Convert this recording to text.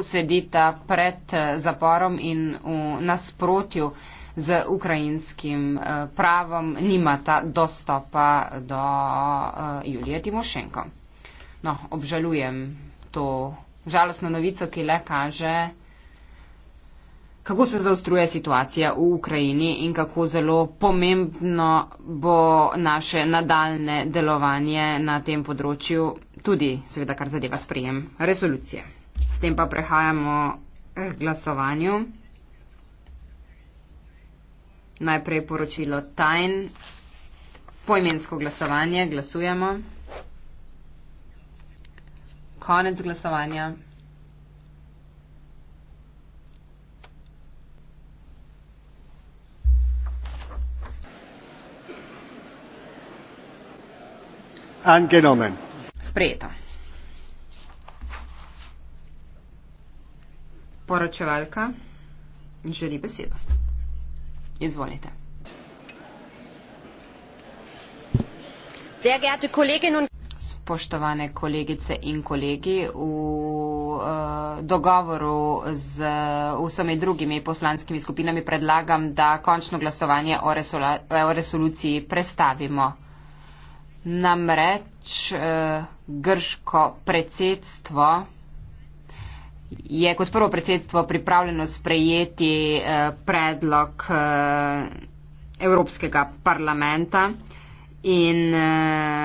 sedita pred eh, zaporom in v nasprotju z ukrajinskim eh, pravom nimata dostopa do eh, Julije Timošenko. No, obžalujem to žalostno novico, ki le kaže, kako se zaostruje situacija v Ukrajini in kako zelo pomembno bo naše nadaljne delovanje na tem področju, tudi seveda kar zadeva sprejem resolucije. S tem pa prehajamo k glasovanju. Najprej poročilo tajn, poimensko glasovanje, glasujemo. Konec glasovanja. Angenomen. Sprejeto. poročevalka želi besedo. Izvolite. Spoštovane kolegice in kolegi, v uh, dogovoru z eh, vsemi drugimi poslanskimi skupinami predlagam, da končno glasovanje o, resolu o resoluciji prestavimo. Namreč uh, grško predsedstvo je kot prvo predsedstvo pripravljeno sprejeti eh, predlog eh, Evropskega parlamenta in eh,